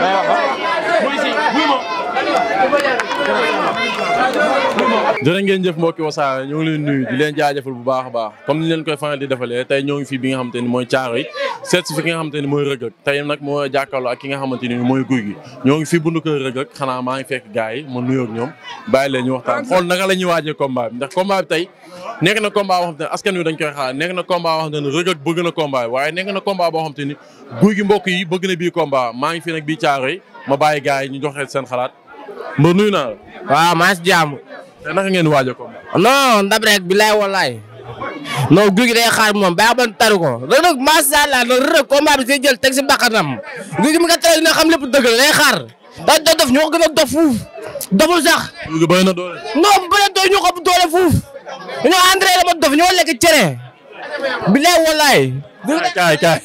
baax. muy si buuma. jërë ngeen jëf mbokki wasaare ñu ngi leen nuyu di leen jaajëfal bu baax a baax comme ni leen koy faral di defalee tey ñoo ngi fi bi nga xamante ni mooy caaro yi seet si fi ki nga xamante ni mooy Reug Reug tey nag moo jàkkaarloo ak ki nga xamante ni mooy guy Gui ñoo ngi fi bundu kër Reug Reug xanaa maa ngi fekk gars yi ma nuyoo ñoom bàyyi leen ñu waxtaan xool naka la ñuy waajee combat bi ndax combat bi tey nekk na combat boo xamante ne askan wi dañ koy xaar nekk na combat boo xamante ne Reug Reug bëgg na combat waaye nekk na combat boo xamante ni Gouye Gui mbokk yi bëgg na bii combat maa ngi fi nag bii caaro yi ma bàyyi gars yi ñu joxe seen xalaat mbër nuyu naa la. waaw maa ngi si jàmm. te naka ngeen waaj a ko. non ndam rek bilaay walaay. non guy gi day xaar moom baax ban taru ko loolu nag macha allah loolu rek combat bi day jël teg si bakkanam guy gi mi nga tere dina xam lépp dëgg la day xaar daal da dof ñoo ko gën a dof fuuf doful sax. guy gi bëri na doole. non bëri na doole ñoo ko doole fuuf ñoo André dama dof ñoo lekk cere bilaay walaay. kaay kaay kaay.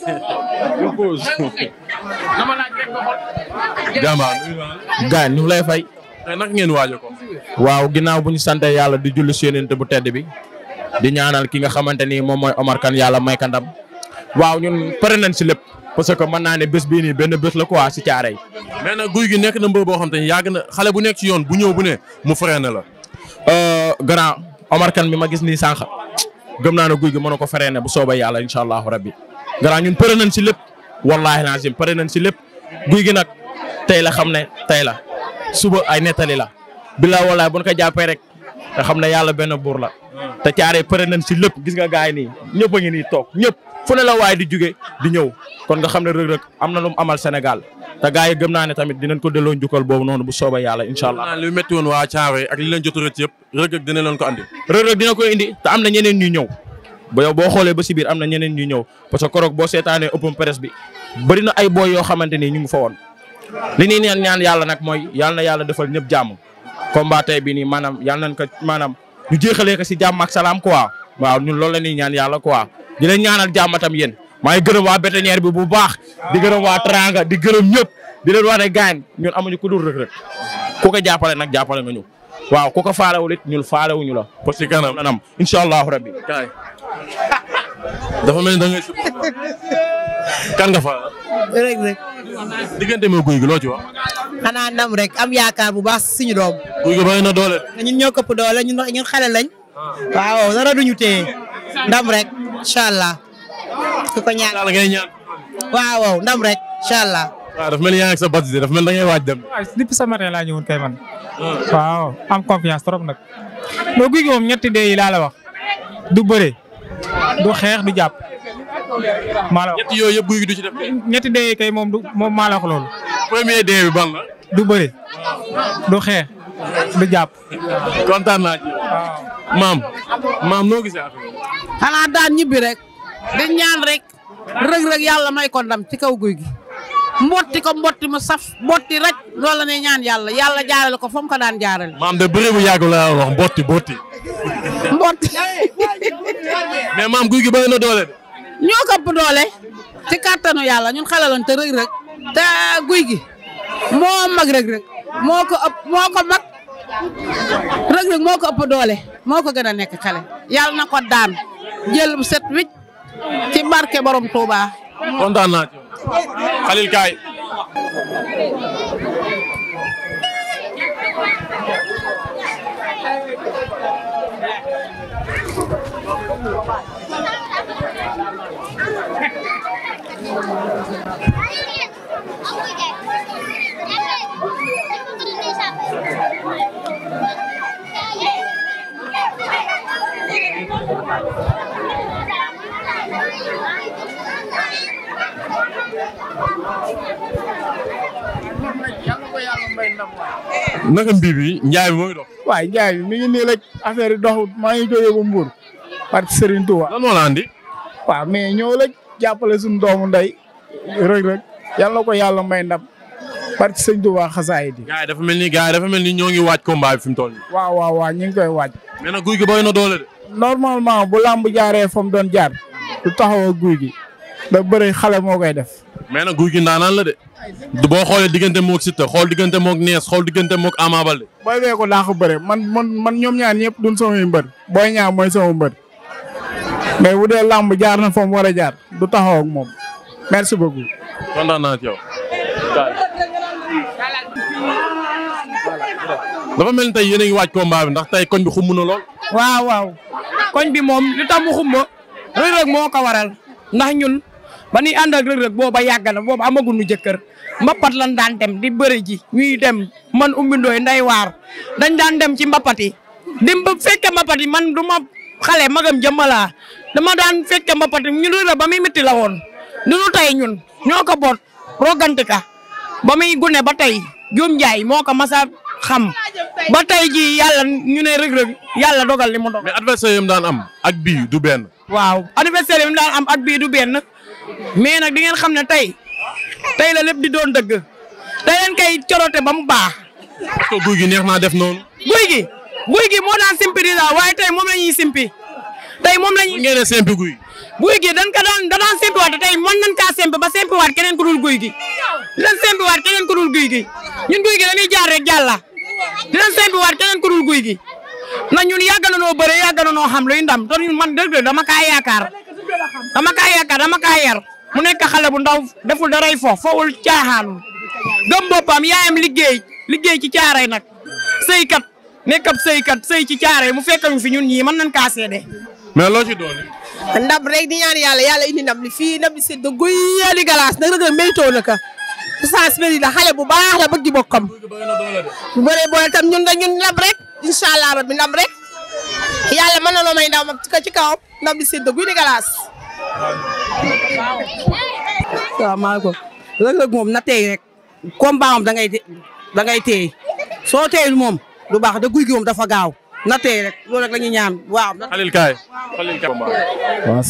jàmbaar gaay ñu lay fay. tey naka ngeen waajal ko. waaw ginnaaw bu ñu sante yàlla di julli si yonent bu tedd bi. di ñaanal ki nga xamante ni moom mooy Omar yàlla may ka waaw ñun pare nañ si lépp. parce que mën naa ne bés bii nii benn bés la quoi si caare yi. mais guy gi nekk na mbër boo xam te ne yàgg na xale bu nekk si yoon bu ñëw bu ne mu freiné la. Euh, grand Omar Kane mi ma gis nii sànq gëm naa ne guy gi mën na ko freiné bu soobee yàlla incha allahu rabbi. grand ñun pare si guy gi nag tey la xam ne tey la suba ay nettali la bilaa walaay bu ñu ko jàppee rek nga xam ne yàlla benn buur la. te caaree pare nañ si lépp gis nga gaay yi nii ñëpp a ngi nii toog ñëpp fu ne la waaye di jóge di ñëw kon nga xam ne Reug Reug am na lu mu amal Sénégal te gaay yi gëm naa ne tamit dinañ ko delloo njukkal boobu noonu bu sooba yàlla incha allah. li métti woon waa caaree ak li leen jot rëcc yëpp Reug Reug dina leen ko andi. Reug Reug dina ko indi te am na ñeneen ñuy ñëw ba yow boo xoolee ba si biir am na ñeneen ñuy ñëw parce que koroog boo seetaanee open press bari na ay booy yoo xamante ni ñu ngi fa woon li ñuy neen ñaan yàlla nag mooy yàlla yàlla defal ñëpp jàmm combat tey bi nii maanaam yàlla nañ ko maanaam ñu jeexalee ko si jàmm ak salaam quoi waaw ñun loolu la ñuy ñaan yàlla quoi di leen ñaanal jàmm tam yéen maa ngi gërëm waa bétanière bi bu baax di gërëm waa Teranga di gërëm ñëpp di leen wax ne gaañ ñun amuñu ku dul Reug Reug ku ko jàppale nag jàppale nga ñu waaw ko ko faalewul it ñun faalewuñu la parce que kanam incha allahu rabbi dafa mel ni da ngay supporter kan nga fa. rek rek. diggante moo guy gi loo ci wax. xanaa ndam rek am yaakaar bu baax suñu doom. guy gi bàyyi na doole. ñun ñoo këpp doole ñun ñun xale lañ. Ah. waaw ndam rek incha allah. rek incha allah. waaw dafa mel ni yaa sa baptisé dafa mel da waaj dem. waaw sa matin laa ñëwoon kay man. Ah. waaw am confiance trop nag. mais guy gi moom ñetti dee yi wax du du xeex du jàpp. maa la guy du ci def. ñetti moom moom maa la wax loolu. premier dee du bëri du xeex du jàpp. kontaan naa ci. waaw maam maam noo gisee affaire daan ñibbi rek. di ñaan rek. rëg-rëg yàlla may ko ndam ci kaw guy gi. mbotti ko mbotti mu saf mbotti raj loolu la ne ñaan yàlla yàlla jaarale ko fa mu ko daan jaarale. maam de bëri bu yàgg laa wax mbotti mbotti. mbot. mais maam guy gi bëri na doole ñoo ko ëpp doole ci kàttanu yàlla ñun xale lañ te rëg-rëg te guy gi moo mag rëg-rëg moo ko ëpp moo ko mag rëg-rëg moo ko ëpp doole moo ko gën a nekk xale yàlla na ko daan jël bu set wicc ci barke borom Touba. kontaan naa ci Xalil kaay. naka mbii bi njaay bi mooy dox. waaye njaay bi mi ngi nii rek doxut maa ngi jógee parce que Serigne Touba. lan moo la andi. waaw mais ñëw jàppale suñu doomu nday Reug Reug yal na ko yàlla may ndam parce que Serigne Touba xasaay di. gars yi dafa mel ni gars yi mel ni ñoo ngi waaj combat bi fi mu toll nii. waaw waaw waaw ñu ngi koy waaj. mais na guy gi booy na doole de. normalement bu làmb jaaree fa mu doon jaar du taxaw a guy gi da bëri xale moo koy def. mais na guy gi ndaanaan la de. boo xoolee diggante moog Siteu xool diggante moog Nees xool diggante moog Ama Baldé. booy bee ko daax bëre mais wu dee làmb jaar na fa war a jaar du taxaw moom merci beaucoup. kontaan naa ci dafa mel ni tey yéen a ngi waaj combat bi ndax tey koñ bi xumb na lool. waaw waaw koñ bi moom li tax xumb Reug Reug moo ko waral ndax ñun ba ñuy ànd ak Reug Reug booba yàgg na booba jëkkër mbapat lan daan dem di bëri ji ñuy dem man Oumy nday waar dañ daan dem ci mbapat yi dem ba fekke mbapat yi man du ma xale magam jëmmalaa dama daan fekke mbapat ñu du la ba muy métti la woon du nu ñun ñoo ko boot rogante ka ba muy gune ba tey Diome Ndiaye moo ko masaa xam ba tey ji yàlla ñu ne Reug Reug yàlla dogal li mu dogal. mais adversaire yam daan am ak bii du benn. waaw adversaire yam daan am ak bii du benn mais nag di ngeen xam ne tey tey la lépp di doon dëgg tey leen kay ba mu baax. guy gi neex naa def noonu. guy gi moo daan simpi di daal waaye tey moom la simpi. tey moom la ñuy. ngeen ne simpi guy. guy gi dañ ko daan da daan simpiwaat tey mën nañ kaa simpi ba simpiwaat keneen ku dul guy gi. dinañ simpiwaat keneen ku dul guy gi ñun guy gi dañuy jaar rek jàlla dinañ simpiwaat keneen ku dul guy gi na ñun yàgg na noo bëre yàgg na noo xam luy ndam te ñun man dëgg dama kaa yaakaar dama kaa yaakaar dama kaa yar mu nekk xale bu ndaw deful daray fo fowul caaxaanul gëm boppam yaayam liggéey liggéey ci caaray nag sëykat nekk ab sëykat sëy ci caaray mu fekk ñu fi ñun ñii mën nañ kaa seede mais loo ci doole. ndam rek di ñaan yàlla yàlla indi ndam li fii ndam li sedd guy di galaas nag nag méytoo na ka sens bi la xale bu baax la bëgg di bokkam. bu bëree boole tam ñun da ñun ndam rek incha allah rabbi ndam rek yàlla mën na loo may ndam ci kawam ndam li sedd guy di galaas. rek combat da ngay da ngay tey soo teyul moom bu baax da guy gi moom dafa gaaw. na tey rek waa rek la ñuy ñaan waaw. Khalil Kaye.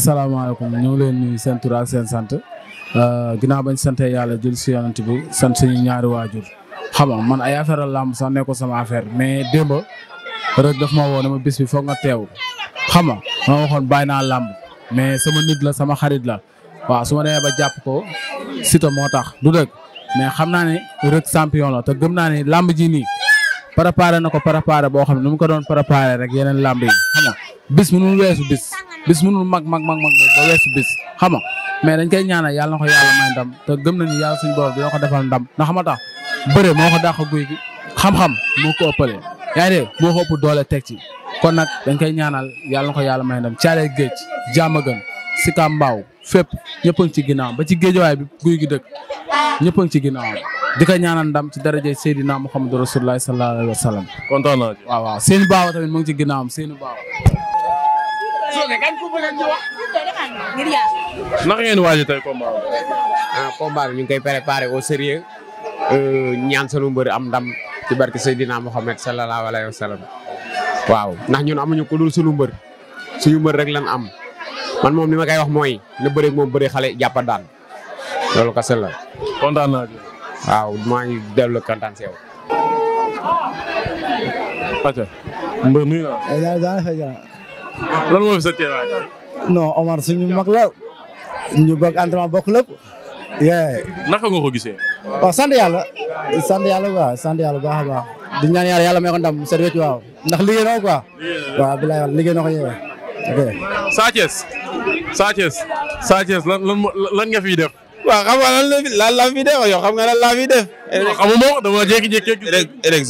salaamaaleykum ñu ngi leen nuyu seen sant euh, ginnaaw bañ sante yàlla jël si yonent bi sant suñu ñaari waajur xam nga man ay affaire lamb sax ko sama affaire mais démb rek daf ma woo ne ma bis bi nga teew xam nga ma waxoon bàyyi naa làmb mais sama nit la sama xarit la waaw su ma demee ba jàpp ko Siteu moo tax du dëgg mais xam naa ne rek champion la te gëm naa ne làmb ji nii. préparé na ko préparé boo xam ne nu mu ko doon préparé rek yeneen làmb yi xam nga bis mënul weesu bis bis mënul mag mag mag mag ba weesu bis xam mais dañ koy ñaanal yàlla na ko yàlla may ndam te gëm na ni yàlla suñu borom dina ko defal ndam ndax xam nga tax bëre moo ko dàq guy gi xam-xam moo ko ëppale yaa ngi dégg moo ko ëpp doole teg ci kon nag dañ koy ñaanal yàlla na ko yàlla may ndam caale géej jaama si si kàmbaaw fépp ñëpp ci ginnaaw ba ci géejawaay bi guy gi dëkk ci ginnaaw di ko ñaanal ndam ci daraja Seydina Muhammadu Rasulullah sallallahu alayhi wa sallam. tamit mu ngi ci ginnaawam seeni baawa. naka ngeen waaj tey combat ah, ngi koy préparé au sérieux euh, ñaan sunu mbër am ndam ci barke Seydina Muhammad sallallahu alayhi wa sallam waaw ñun amuñu ku dul sunu mbër suñu mbër rek lan am. man moom li ma koy wax mooy na bëreeg moom bëri xale jàppa daan loolu kese la. kontaan naa waaw maa ngi dellu kontaan si yow. Fatia. mbër nuyu naa. lan moo fi sa teewaay. non Omar la ñu bokk entraînement bokk lépp. naka nga ko gisee. waaw oh, sant yàlla. sant yàlla quoi sant yàlla baax baax. di ñaan yàlla yàlla may ko ndam set wecc waaw ndax liggéey ko ko yeewee. Sa Thiès Sa Thiès lan lan lan nga fiy def. waaw xam nga lan la fi lan la fi def yow xam nga la fi def. xamuma dama jékki-jékki. rek rek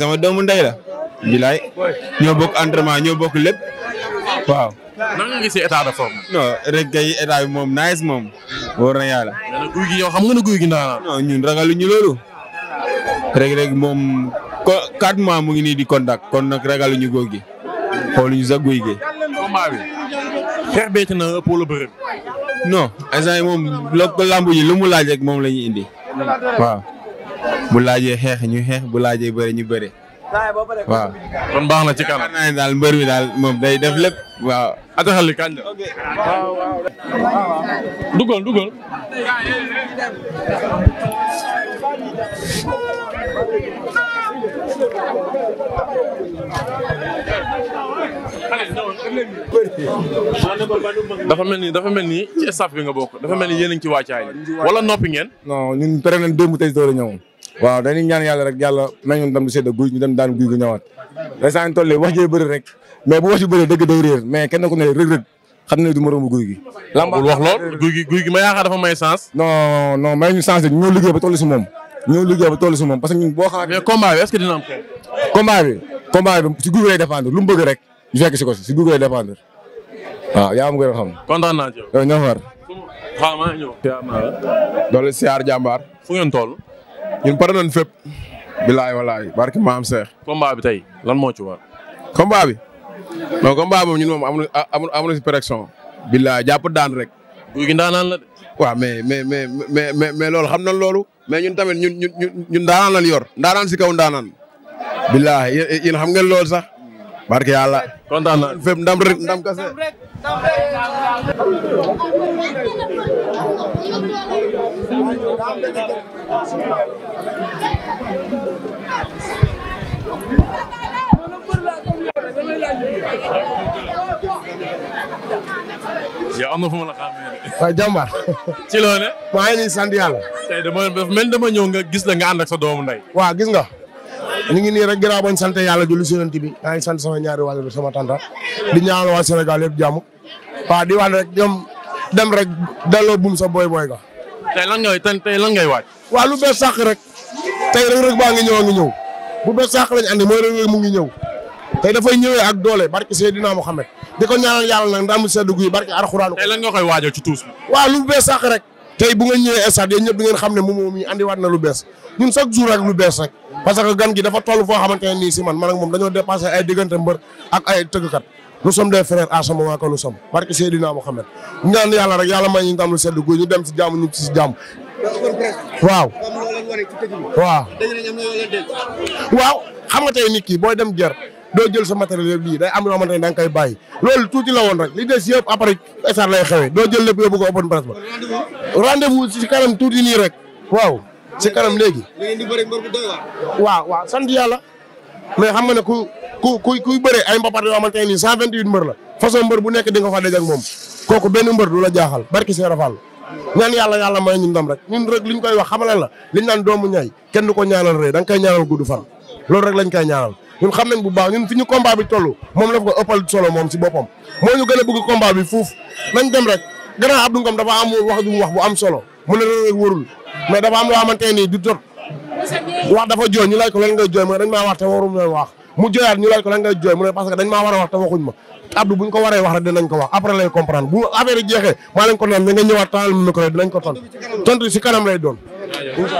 ñoo bokk entraînement ñoo bokk lépp waaw. nan nga gisee état de forme. non rek kay état bi nice moom. wóor na yàlla. guy gi yow xam nga ne mu ngi nii di contact kon nag ragaluñu góor gi xooluñu sa xeex bee ci na ëpp wala bëri. non instant yii yi lu mu laaj rek moom la ñuy indi. waaw bu laajee xeex ñu xeex bu laaje bëri ñu bëri. waaw. kon baax na ci kanam naa ne daal mbër mi daal moom day def lépp. waaw ataxal li kañ la. dugal dafa mel ni dafa mel ni ci staff bi nga dafa mel ni yéen a ngi ci wàccaay wala noppi ngeen non ñun pare nañ démb tey door a ñëw waaw dañuy ñaan yàlla rek yàlla may ñu ndam bu sedd guy ñu dem daan guy gu ñëwaat resaan toll wax jee bëri rek mais bu wax ji bëri dëgg day réer mais kenn ku ne Reug Reug xam ne guy gi lamba wax lool guy gi guy gi ma yaakaar dafa may sens non non may ñu sens de ñoo liggéey ba toll si moom ñoo liggéey ba parce que ñun boo xamante mais combat bi est-ce que dina am combat si bëgg rek ñu fekk si ko si si Google dépendre waaw yaa am gën a xam. kontaan naa ci yow. yow ñoo jàmbaar. fu ngeen toll. ñun pare nañ fépp. bilaay walaay barki maam Seex. combat bi tey lan moo ci war. combat bi. non combat moom ñun moom amuñu amuñu amuñu si protection. bilaay jàpp daan rek. guy gi ndaanaan la de. waaw mais mais mais mais mais loolu xam nañ loolu. mais ñun tamit ñun ñun ñun ndaanaan lañ yor. ndaanaan si kaw ndaanaan. bilaay xam ngeen loolu sax. barke yàlla kontaan na fépp ndam rek ndam kase yow am ci loone maa ngi nii sant yàlla. ñëw nga gis la nga ànd sa doomu ndey. waa gis nga. ñu ngi nii rek ginnaaw bañ sant yàlla julli si yonent bi maa ngi sant sama ñaari wàll bi sama tanta di ñaanal waa Sénégal yëpp waaw di wax dem rek delloo buum sa boy boy ga. tey lan ngay tey lan ngay waaj. waaw lu bees rek tey rek rek baa ñëw a ngi ñëw bu bees sàq lañ mu ngi ñëw tey dafay ñëwee doole barke Seydina Mohamed di ko ñaanal yàlla nag ndam koy waajal ci tuus bi. waaw lu bees sàq rek. tey bu nga ñëwee stade yéen ñëpp di xam ne moom moom yi andiwaat na lu bees ñun sa jour ak lu bees rek parce que gan gi dafa toll foo xamante ne nii si man man ak moom dañoo dépassé ay diggante mbër ak ay tëggkat nous sommes des frères à ce moment que nous sommes barke yàlla rek yàlla may ñu ndam lu sedd gu ñu dem si jàmm ñu si jàmm. waaw. waaw. waaw xam nga tey nit ki dem ger doo jël sa matériel yëpp lii day am loo xamante ne koy bàyyi loolu tuuti la woon rek li des yëpp après état lay xewee doo jël lépp yóbbu ko open press ba. rendez si kanam tuuti nii rek waaw. si kanam léegi. da ngeen di waaw waaw sant yàlla. mais xam nga ne ku ku ku kuy bëree ay mbapat yoo nii cent vingt huit mbër la façon mbër bu nekk di nga fa daj ak moom kooku benn mbër du la jaaxal barki Seera Fall ñaan yàlla yàlla ma ñu ndam rek ñun rek liñ koy wax xamalen la liñ naan doomu ñaay kenn du ko ñaanal rëy da nga koy ñaanal gudd fan loolu rek lañ koy ñaanal ñun xam nañ bu baax ñun fi ñu combat bi toll moom la ko ëppal solo moom si boppam moo ñu gën a bëgg bi fuuf nañ dem rek grand Abdou Ngom dafa am wax mu wax bu am solo mu ne la warul mais dafa am loo xamante ni du jot wax dafa jooy ñu laaj ko lan ngay jooy mu ne dañ maa wax te warum wax mu jooyaat ñu laaj ko lan ngay jooy mu ne parce que dañ maa war a wax te waxuñ ma Abdou buñ ko waree wax rek dinañ ko wax après lay comprendre bu affaire yi jeexee maa leen ko doon mais nga ñëwaat taal micro yi ton tontu si kanam lay doon. incha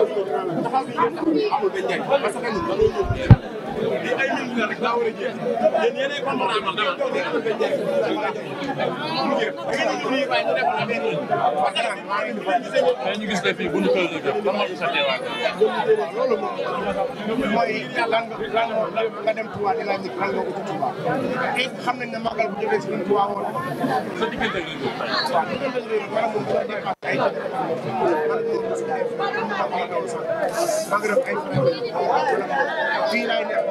amul benn njëriñ parce que lii ay minutes la rek daa war a jeex yéen yéenay comprendre dama da ñu gis ne fii bu ñu toll nii jot lan sa teewaay. loolu moom mooy lan nga lan nga dem Touba di laaj lan nga ko Touba xam nañ ne màggal bu jógee si biir Touba woon. sa diggante ak réew mi. waaw diggante ak réew mi maanaam moom dafa dépassé ay jafe-jafe. maanaam moom dafa dépassé ay jafe-jafe.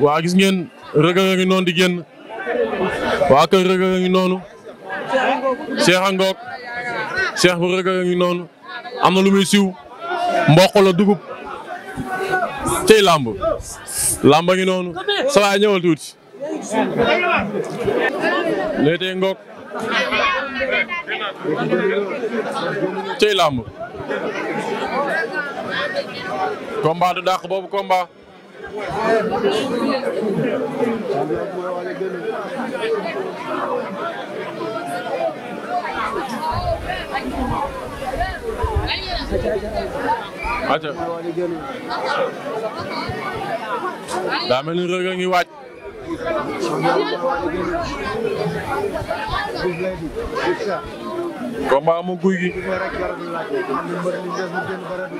waa gis ngeen rëgg a ngi noonu di génn waa kër rëgg ngi noonu Cheikh ngook Cheikh bu rëgg a ngi noonu am na lu muy siw mboq dugub tey làmb làmb a ngi noonu sa waay ñëwal tuuti léetee Ngok tey làmb combat du dàq boobu combat. aca daa mel ni Reug a waaj combat mu guy gi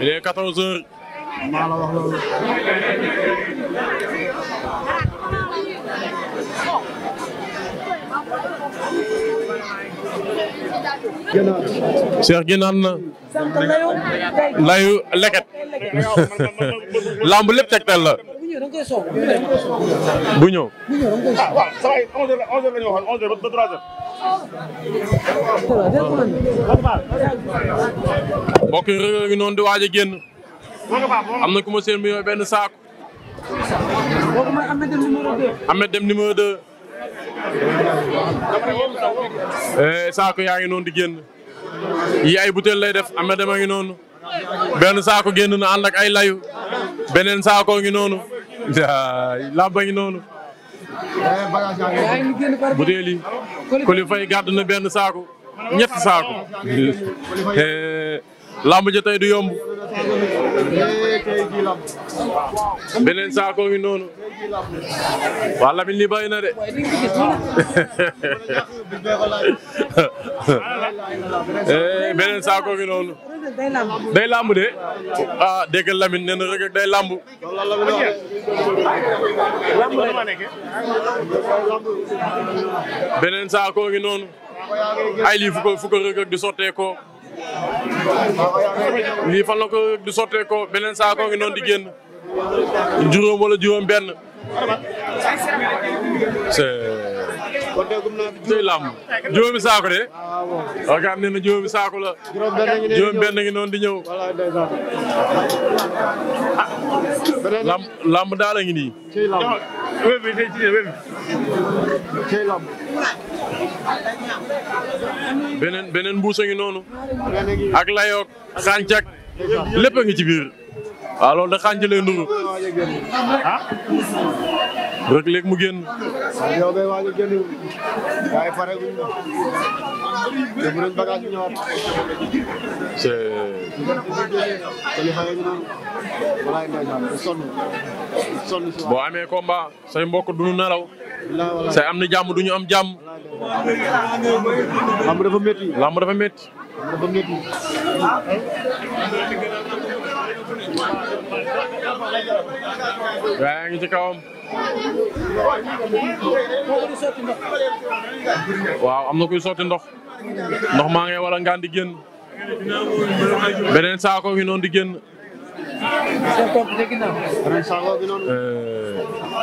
il est 14 maa la wax loolu. Cheikh génnaat na. layu leket. lamb lépp tegtal la. bu ñëw. ah waaw ça va onze heures onze heures la ñu waxoon onze heures ba trois heures. mbokk yi noonu di waaj a génn. am na ku ma seen mu benn saako. boobu mooy Dem numéro 2. Ahmed Dem yaa ngi noonu di génn yi ay butéel lay def Ahmed Dem a ngi noonu benn saako génn na ànd ay layu beneen saako ngi noonu làmba ngi noonu. butéel yi Coly Faye gàdd na benn saako ñetti saako. Eh, lamb ja tey du yomb beneen saako ngi noonu waa Lamine li bay na de eh, beneen saako ngi noonu day lamb de ah dégg nga Lamine nee day lamb beneen saako ngi noonu ay lii fu ko di sottee ko lii fan la ko di sottee ko beneen saako ngi noon di génn juróom wala juróom benn c'est kon de gum naa tey saako de. waaw nee na juróomi saako la. juróom benn ngi noonu di ñëw. làmb daala ngi ni beneen beneen mbuus a ngi noonu. ak layoog xàncak lépp ngi ci biir. waaw loolu da xànc lay nduru. Reug Reug mu génn. yow kay waa ñu génn waaye pare gu ñu def nañ bagage bi ñëwaat. c' est. boo amee combat say mbokk du ñu nelaw. say am na jàmm du ñu am jàmm. lamb dafa métti. lamb dafa métti. dafa métti. yaa ngi ci kawam. waaw am na kuy ndox ndox maa ngi wala di génn beneen saako gi noonu di génn.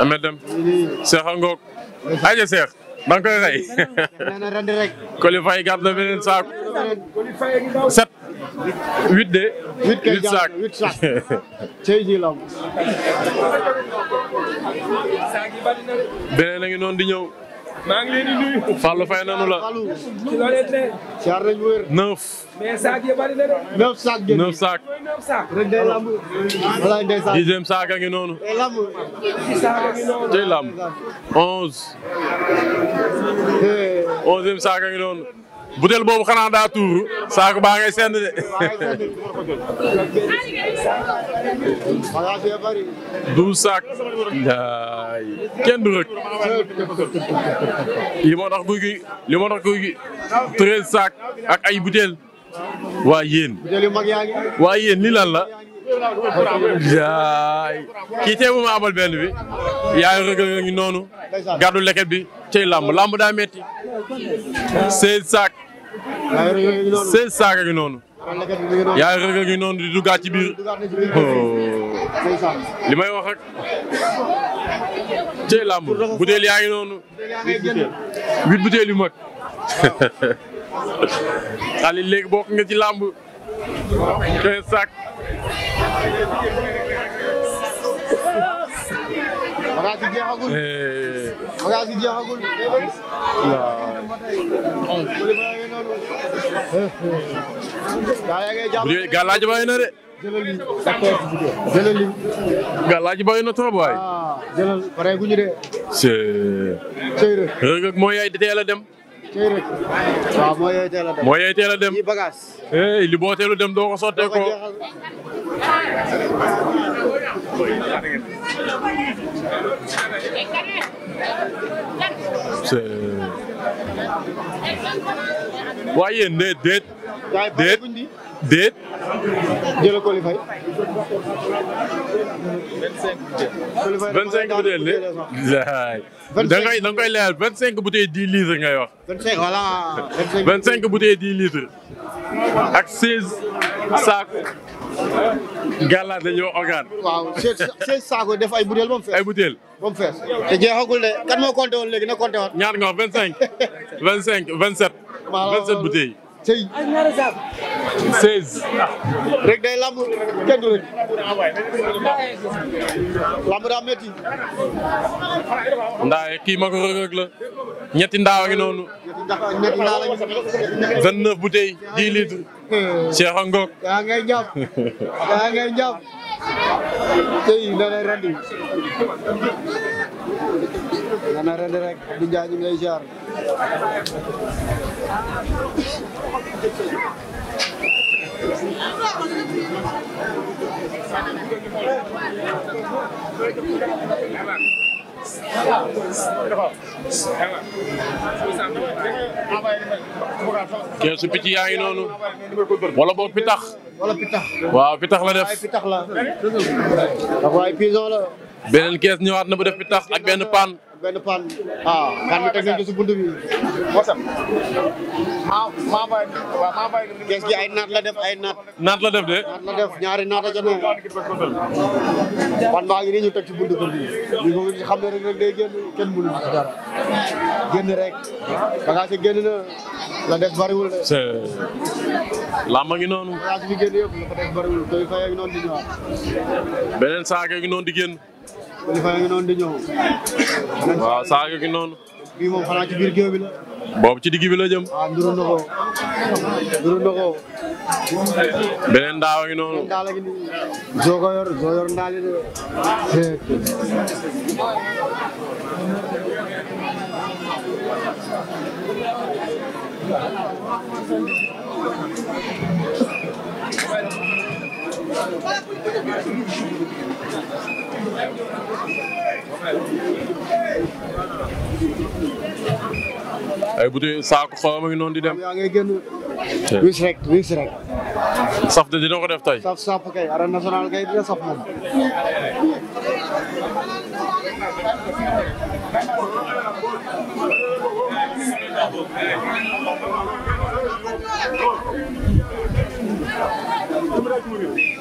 amee dem Seex a ngoog aja Seex koy rey. Coly Faye beneen saako set. huit de. huit kay jàll sac cey ji lam beneen a ngi noonu di ñëw. maa fay nanu la. ci la leen ne. caar nañu wër. neuf. mais saak yi bari na a ngi noonu. day lamb. ci onze. onzième a ngi noonu. butéel boobu xanaa daa tuur saako baa ngay send de. du saak. ndaay kenn du rek. li moo tax guy gi li moo ak ay butéel. waa yéen. waa yéen lii lan la. ndaay kii teewu ma abal benn bi. yaay rëgal nga ñu noonu. gàddu leket bi cay làmb làmb daa metti seize sac seize sac a ngi yaay rëg a ngi di duggaat ci biir oh. li may wax rek cey làmb butéel yaa ngi noonu huit butéel yu mag xale léegi bokk nga ci làmb quinze sac bagage yi jeexagul. bagage eh. yi jeexagul. waaw. galaaj bay na de. jëlal lii. galaaj bay na trop waay. Ah, jëlal pareeguñu de. c'est. Reug Reug moo yaay teel a dem. waaw moo yooyu dem moo yooyu dem yi eh, li boo dem doo ko sottee waaye yéen déet déet. déet déet. jëlee Coly Faye. 25 butéel de. da ngay da nga koy leeral 25 butéel 10 litres ngay wax. 25 voilà gàllaat dañoo organ. waaw seize saako def ay butéel ba mu fees. ay butéel ba mu fees. te jeexagul de kan moo compté woon léegi na compté woon. ñaar nga wax vingt cinq vingt cinq vingt sept. vingt sept butéel. seize. seize. rek day lamb kenn du rek. lamb daa métti. ndaay kii ma ko rëg-rëg la. ñetti ndaaw a ngi noonu. ñetti ndaaw ñetti ndaaw la ñu. vingt neuf butéel dix litres. Hmm. Cheikh Angok. daa ngay jàpp daa ngay jàpp. tey dana rendi dana rendi rek di jaay ñu ngay jaar. keesu picc yaa ngi noonu wala boog pitax wala pitax la def waaye pitax la waaye pison la beneen kees ñëwaat na bu def pitax ak benn pan benn paan. waaw ah, paan bi teg si bunt bi. moo maa maa gi ay naat la def ay naat. naat la def de. naat la def ñaari naat a jëndee. paan baa ngi nii ñu teg ci bunt kër gi. xam ne rek rek day kenn mënu ci dara. génn rek. génn na la def bariwul de. làmb ngi noonu. la ko def bariwul te fay ak noonu beneen saako gi noonu di génn. kilifa gi noonu. ci biir géew boobu ci digg bi la jëm. waaw nduru na ko beneen ndaawa ngi noonu. soo yor soo yor ndaali ay butéel saako xoolal ma ngi noonu di dem. a ngi génn wis rek wis rek. saf de dina ko def tey. saf saf kay arène nationale kay dina saf moom.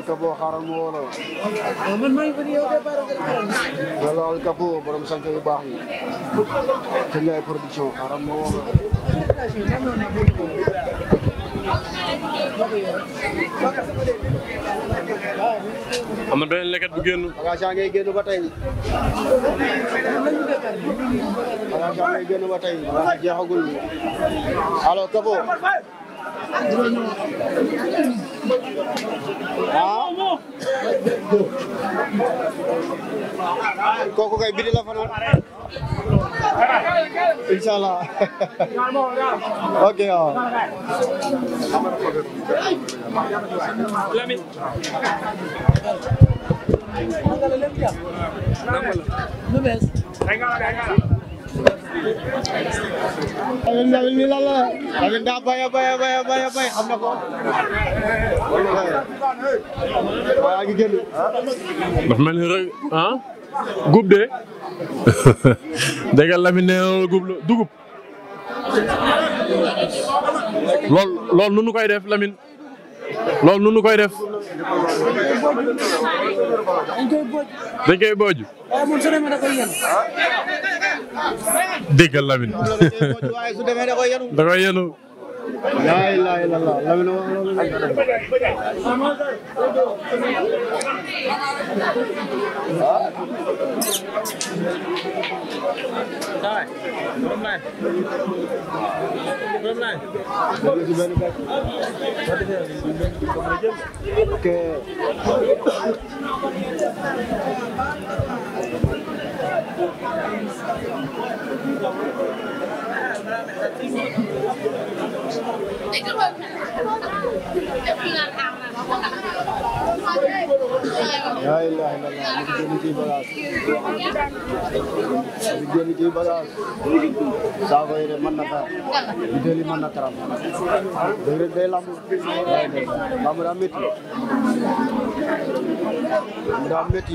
ay Kabo xaaral ma woo la. waaw man maa ngi bëgg yow de Baara Ngari Baara. wala ay Kabo borom sant yu baax yi. te ñaay production xaaral ma woo la. am na benn leket bu génn. bagage yaa ngay génn ba tey. bagage yaa ngay génn ba tey. bagage jeexagul. allo Kabo. waaw ah. kay biti la fanaan inshallah ok waaw Lamine Lamine mi lan la mel ni rek ah dugub lool lool koy def Lamine loolu nu koy def dañ koy déggal Lamine. da koy yenu laa ilaaha illallaah Lamine wax yaa ngi lay la la ñu génn ci bagage ñu génn ci bagage saako yi de mën na tar butéel yi mën na taram day rek day lamb lamb daa métti daa métti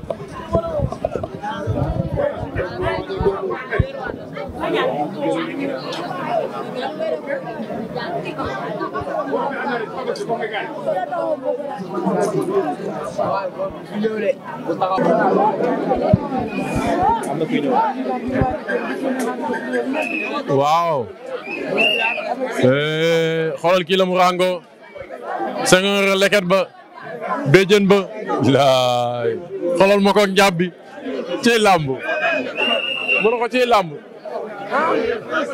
waaw eh, xoolal kii la mu rango Senghor leket ba béjjën ba laay xoolal ma ko njàb bi ci Reug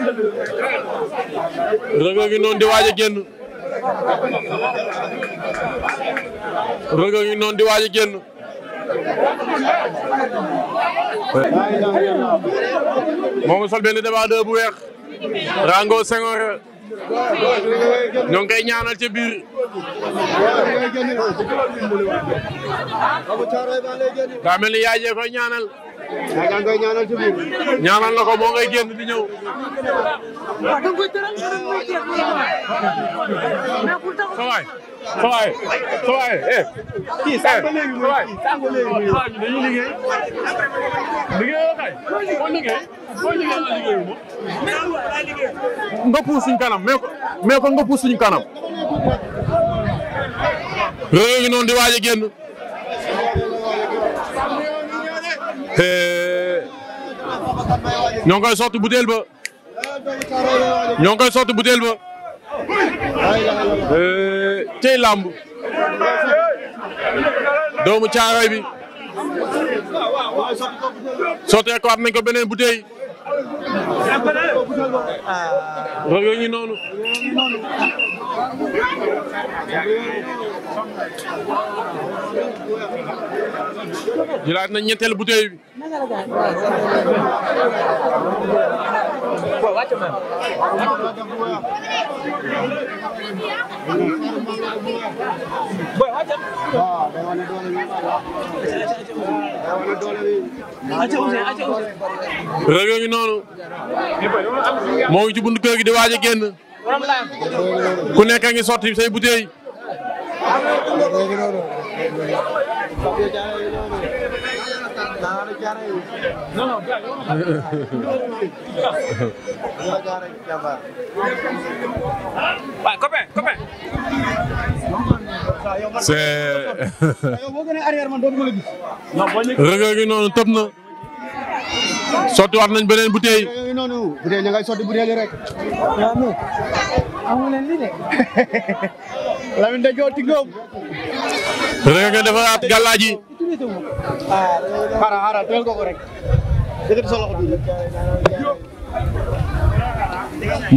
Reug ngi noonu di waaj a génn Reug Reug ngi noonu di waaj a génn moom sol benn débardeur bu weex Rango Senghor ñoo ngi ñaanal ci biir daa ni yaay jee koy ñaanal ñaanal na ko moo ngay génn di ñëw. sawaay sawaay sawaay eh. eh. kii sànq nga puus suñ kanam mais mais nga puus suñ kanam. réew mi noonu di waaj a génn. ñoo ngi koy sotti butéel ba ñoo ngi koy sotti butéel ba eh, tey làmb doomu caaroy bi sottee ko am nañ ko beneen butéel rog yo noonu jëlaat nañ ñetteel butéel bi Well, watch him Boy, watch noonu moo ngi buntu kër gi di waaj a génn ku nekk ngi sotti say bouteille ma copain copain. c'est. rëgg gi noonu tëb na. sotti waat nañ beneen bouteille. bouteille ñu ngay sotti bouteille rek. waaw non lii de. Lamine da joo ti góob. rëgg nga defaraat gàllaa ah xaaral xaaral teel ko ko rek yëkkati sa loxo tuuti.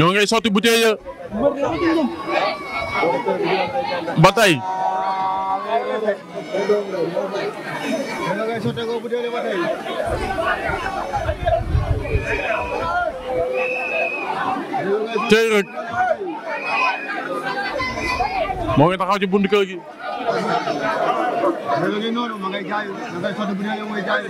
ngay sotti bouteille ya. ba tey. tey rek. moo ngi taxaw ci buntu kër loolu ngeen noonu ma ngay jaayu ma ngay sotti bu dee mooy jaayu.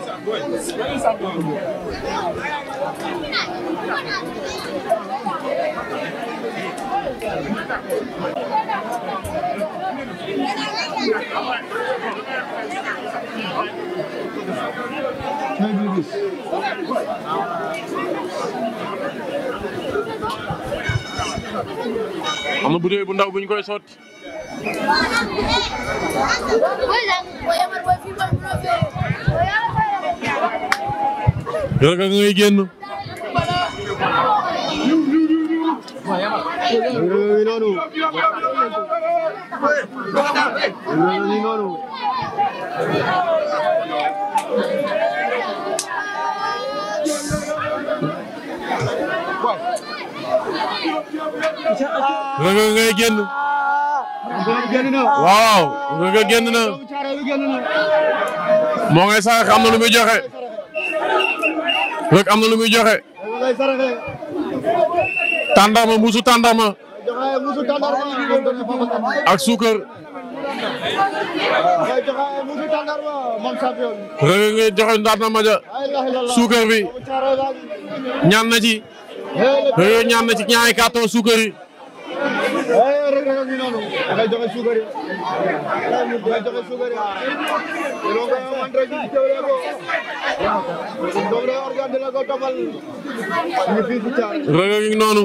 Tey bii bis. am na bu dee bu ndaw bu ñu koy sotti. Yoro Kang ngay génn. Yoro Kang ngay génn. waaw nga génn na moo ngay sarax am na lu muy joxe rek am na lu muy joxe tàndarma mbuusu tàndarma ak suukar rek nga joxe tàndarma ja suukar bi ñaan na ci rek ñaan na ci ñaari carton suukar yi waaye rek rek ñu noonu dangay joxe suukar yi dangay joxe suukar yi donc man rek ñu teewlee ko donc organe de la ko tafal ñu fii ci caar rek ngi noonu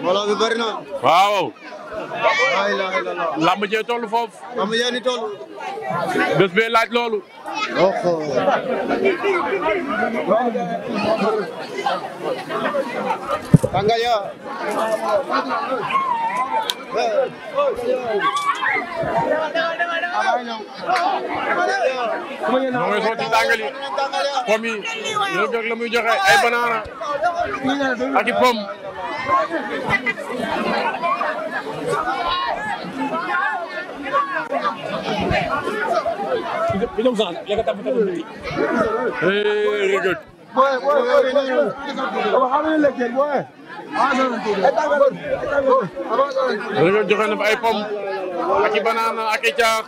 mbooloo bi bëri na. waaw. jee toll foofu. lamb jee ni toll. bés bee laaj loolu. Tangaya. moo ngi sotti tàngal yi ay banana ak i pomme Minum sana, dia kata betul betul. Hei, good. Boy, boy, boy, boy. Apa hal ini lagi, boy? Ah, sana. Kita akan, kita akan. Apa sana? Jokan apa iPhone? aki banana aki caax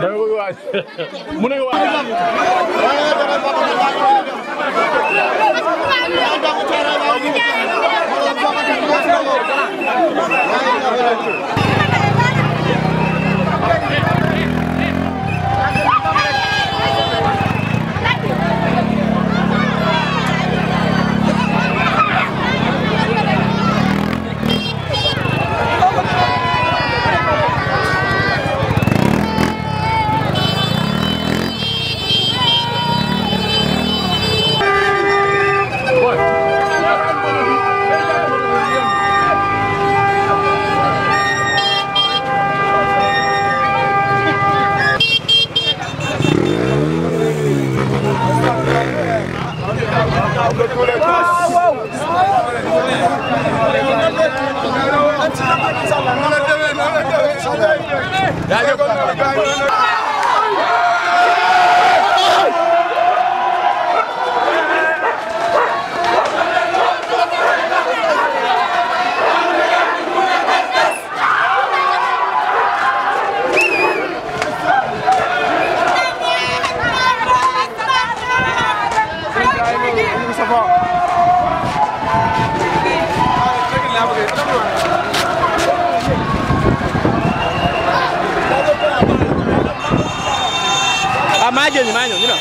dawuy waaj mu ne waaj Thank you. Yaa ngi ko 많이 옵니다.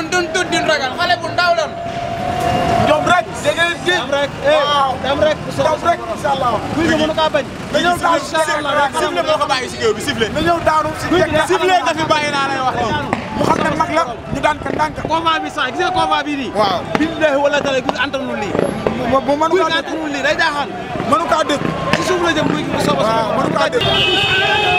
ñun duñ tuut duñ ragal xale bu ndaw lan jom rek da ngeen di am rek eh, am rek am rek inshallah guy gi mënu ka bañ dañu daanu inshallah rek sifflé boo ko bàyyi si géew bi sifflé dañu daanu si sifflé nga fi bàyyi naa lay wax mu xam ne mag la ñu daan ka ndànk combat bi sax gis nga combat bi nii waaw billahi wala dara guy antanul lii bu mënu ka antanul lii day jaaxal mënu ka dëkk si suuf la jëm guy gi bu soba soba mënu ka dëkk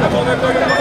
Vamos ver, pega.